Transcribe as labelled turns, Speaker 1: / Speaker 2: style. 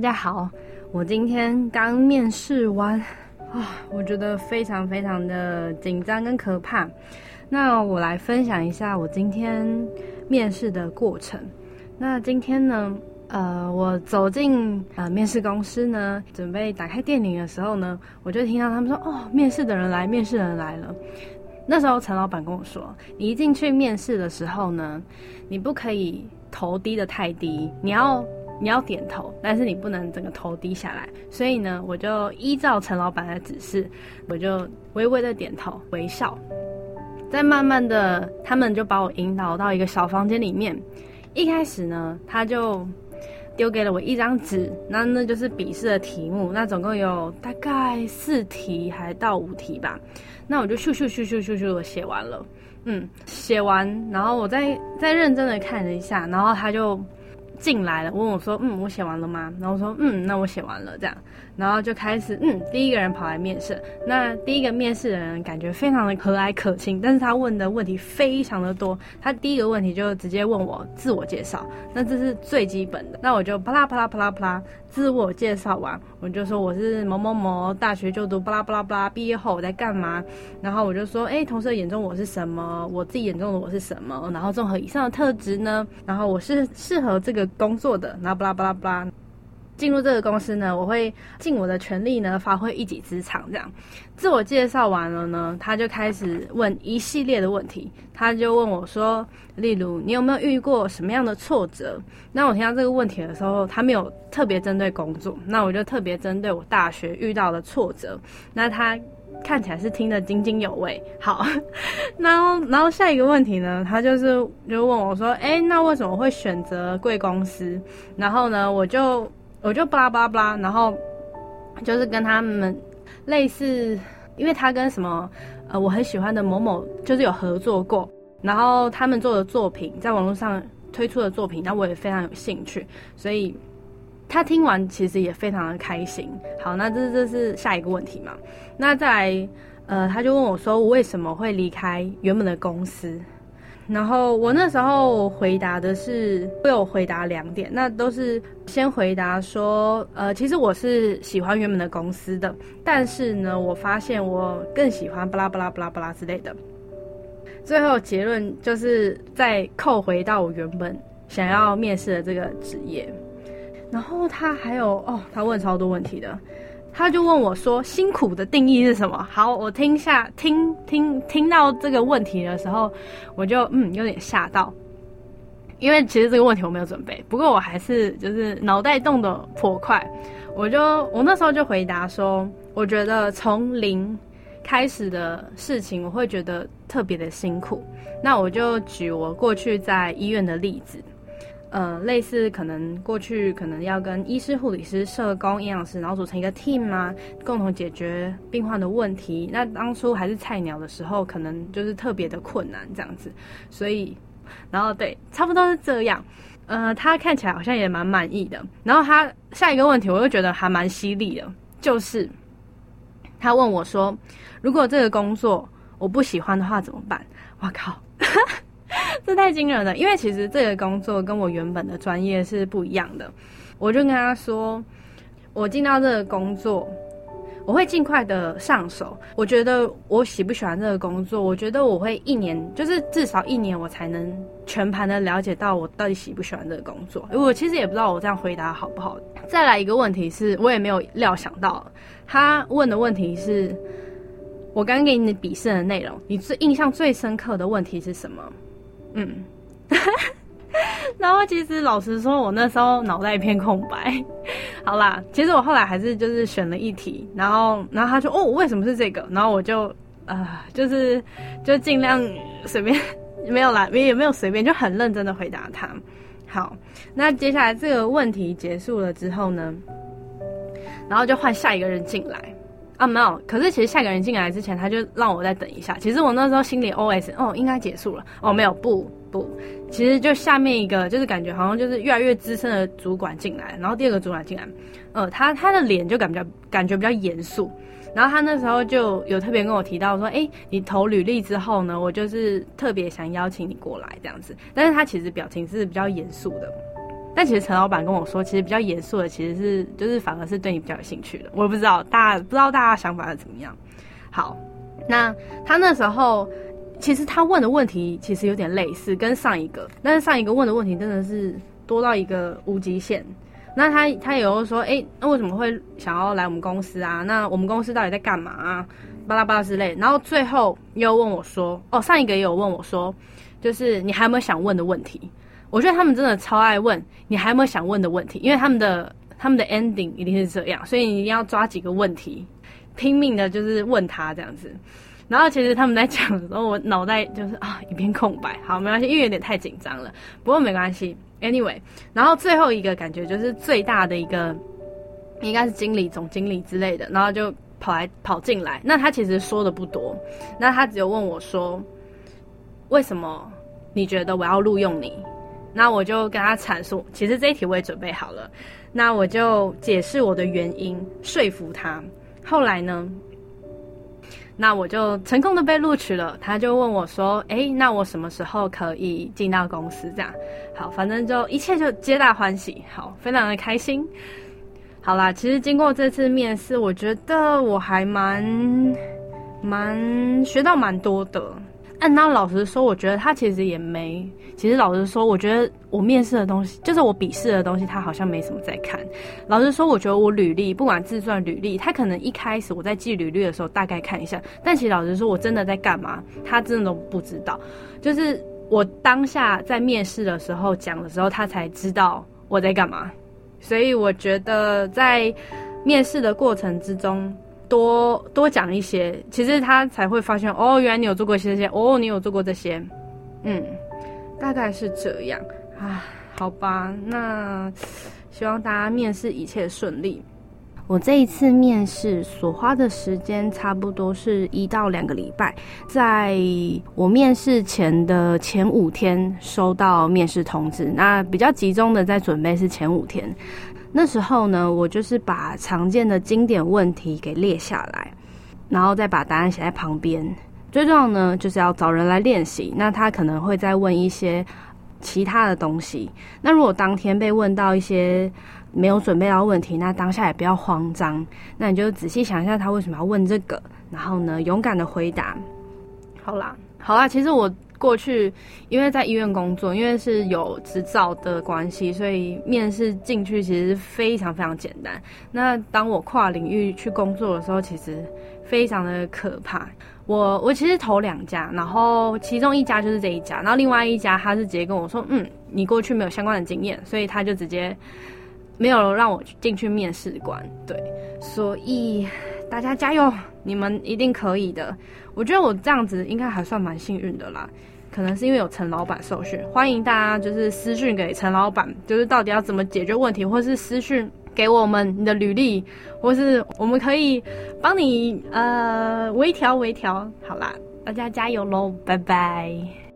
Speaker 1: 大家好，我今天剛面試完啊、哦，我覺得非常非常的緊張跟可怕。那我來分享一下我今天面試的過程。那今天呢，呃，我走進呃面試公司呢，準備打開電鈴的時候呢，我就聽到他們說：“哦，面試的人來，面試的人來了。”那時候陳老板跟我說：“你一進去面試的時候呢，你不可以頭低得太低，你要。”你要點頭，但是你不能整個頭低下來。所以呢，我就依照陳老板的指示，我就微微的點頭微笑。再慢慢的，他們就把我引導到一個小房間裡面。一開始呢，他就丟給了我一張紙，那那就是筆試的題目。那總共有大概四題還到五題吧。那我就咻咻咻咻咻咻，我寫完了。嗯，寫完，然後我再再認真的看了一下，然後他就。進來了，問我說：“嗯，我寫完了嗎？”然後我說：“嗯，那我寫完了。”這樣，然後就開始，嗯，第一個人跑來面試。那第一個面試的人感覺非常的和藹可親，但是他問的問題非常的多。他第一個問題就直接問我自我介紹，那這是最基本的。那我就啪啦啪啦啪啦啪啦。自我介紹完，我就說我是某某某大學就讀，巴拉巴拉巴拉，畢業後我在幹嘛？然後我就說，哎、欸，同事眼中我是什麼？我自己眼中的我是什麼？然後綜合以上的特質呢，然後我是適合這個工作的，然後巴拉巴拉巴拉。進入這個公司呢，我會盡我的全力呢，發揮一己之長。這樣，自我介紹完了呢，他就開始問一系列的問題。他就問我說，例如你有沒有遇過什麼樣的挫折？那我聽到這個問題的時候，他沒有特別針對工作，那我就特別針對我大學遇到的挫折。那他看起來是聽得津津有味。好，然後然後下一個問題呢，他就是就問我說，哎、欸，那為什麼會選擇貴公司？然後呢，我就。我就巴拉巴拉巴拉，然後就是跟他們類似，因為他跟什麼呃，我很喜歡的某某就是有合作過，然後他們做的作品、在網絡上推出的作品，那我也非常有興趣，所以他聽完其實也非常的開心。好，那這這是下一個問題嘛？那再來，呃，他就問我說，我為什麼會離開原本的公司？然後我那時候回答的是，我有回答兩點，那都是先回答說，呃，其實我是喜歡原本的公司的，但是呢，我發現我更喜歡巴拉巴拉巴拉巴拉之類的。最後結論就是再扣回到我原本想要面試的這個職業。然後他還有哦，他問超多問題的。他就問我說：“辛苦的定義是什麼？”好，我聽下，聽聽聽到這個問題的時候，我就嗯有點嚇到，因為其實這個問題我沒有準備，不過我還是就是腦袋動得頗快，我就我那時候就回答說：“我覺得從零開始的事情，我會覺得特別的辛苦。”那我就舉我過去在醫院的例子。呃，類似可能過去可能要跟醫師、護理師、社工、營養師，然後組成一個 team 啊，共同解決病患的問題。那當初還是菜鳥的時候，可能就是特別的困難這樣子，所以，然後對，差不多是這樣。呃，他看起來好像也蠻滿意的。然後他下一個問題，我又覺得還蠻犀利的，就是他問我說，如果這個工作我不喜歡的話怎麼辦？我靠！ 這太驚人了，因為其實這個工作跟我原本的專業是不一樣的。我就跟他說，我進到這個工作，我會盡快的上手。我覺得我喜不喜歡這個工作，我覺得我會一年，就是至少一年，我才能全盤的了解到我到底喜不喜歡這個工作。我其實也不知道我這樣回答好不好。再來一個問題是，我也沒有料想到，他問的問題是，我剛給你的筆試的內容，你最印象最深刻的問題是什麼？嗯， 然後其實老實說，我那時候腦袋一片空白。好啦，其實我後來還是就是選了一題，然後然後他說哦，為什麼是這個？然後我就呃，就是就盡量隨便，沒有啦，也也沒有隨便，就很認真的回答他。好，那接下來這個問題結束了之後呢，然後就換下一個人進來。啊沒有，可是其實下一個人進來之前，他就讓我再等一下。其實我那時候心裡 OS 哦，應該結束了哦，沒有不不，其實就下面一個就是感覺好像就是越來越資深的主管進來，然後第二個主管進來，呃，他他的臉就感覺感覺比較嚴肅，然後他那時候就有特別跟我提到說，哎、欸，你投履歷之後呢，我就是特別想邀請你過來這樣子，但是他其實表情是比較嚴肅的。但其實陳老板跟我說，其實比較嚴肅的，其實是就是反而是對你比較有興趣的。我也不知道大家不知道大家想法是怎麼樣。好，那他那時候其實他問的問題其實有點類似跟上一個，但是上一個問的問題真的是多到一個無極限。那他他也有說，哎、欸，那為什麼會想要來我們公司啊？那我們公司到底在幹嘛啊？巴拉巴拉之類的。然後最後又問我說，哦，上一個也有問我說，就是你還有沒有想問的問題？我覺得他們真的超愛問你還有沒有想問的問題，因為他們的他們的 ending 一定是這樣，所以你一定要抓幾個問題，拼命的就是問他這樣子。然後其實他們在講的時候，我腦袋就是啊一片空白。好，沒關係，因為有點太緊張了。不過沒關係，anyway。然後最後一個感覺就是最大的一個應該是經理、總經理之類的，然後就跑來跑進來。那他其實說的不多，那他只有問我說：為什麼你覺得我要錄用你？那我就跟他闡述，其實這一題我也準備好了。那我就解釋我的原因，說服他。後來呢，那我就成功的被錄取了。他就問我說：“誒，那我什麼時候可以進到公司？”這樣，好，反正就一切就皆大歡喜。好，非常的開心。好啦，其實經過這次面試，我覺得我還蠻蠻學到蠻多的。那、啊、老實說，我覺得他其實也沒。其實老實說，我覺得我面試的東西，就是我筆試的東西，他好像沒什麼在看。老實說，我覺得我履歷，不管自傳履歷，他可能一開始我在寄履歷的時候大概看一下。但其實老實說，我真的在幹嘛，他真的都不知道。就是我當下在面試的時候講的時候，時候他才知道我在幹嘛。所以我覺得在面試的過程之中。多多講一些，其實他才會發現哦，原來你有做過一些這些，哦，你有做過這些，嗯，大概是這樣啊，好吧，那希望大家面試一切順利。我這一次面試所花的時間差不多是一到兩個禮拜，在我面試前的前五天收到面試通知，那比較集中的在準備是前五天。那時候呢，我就是把常見的經典問題給列下來，然後再把答案寫在旁邊。最重要呢，就是要找人來練習。那他可能會再問一些。其他的東西。那如果當天被問到一些沒有準備到的問題，那當下也不要慌張。那你就仔細想一下他為什麼要問這個，然後呢，勇敢的回答。好啦，好啦，其實我。過去，因為在醫院工作，因為是有執照的關係，所以面試進去其實非常非常簡單。那當我跨領域去工作的時候，其實非常的可怕。我我其實投兩家，然後其中一家就是這一家，然後另外一家他是直接跟我說，嗯，你過去沒有相關的經驗，所以他就直接沒有讓我進去面試官。對，所以大家加油。你們一定可以的，我覺得我這樣子應該還算蠻幸運的啦，可能是因為有陳老板受訓，歡迎大家就是私訊給陳老板，就是到底要怎麼解決問題，或是私訊給我們你的履歷，或是我們可以幫你呃微調微調，好啦，大家加油嘍，拜拜。